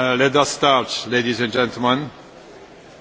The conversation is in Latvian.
Uh, let us start, ladies and gentlemen.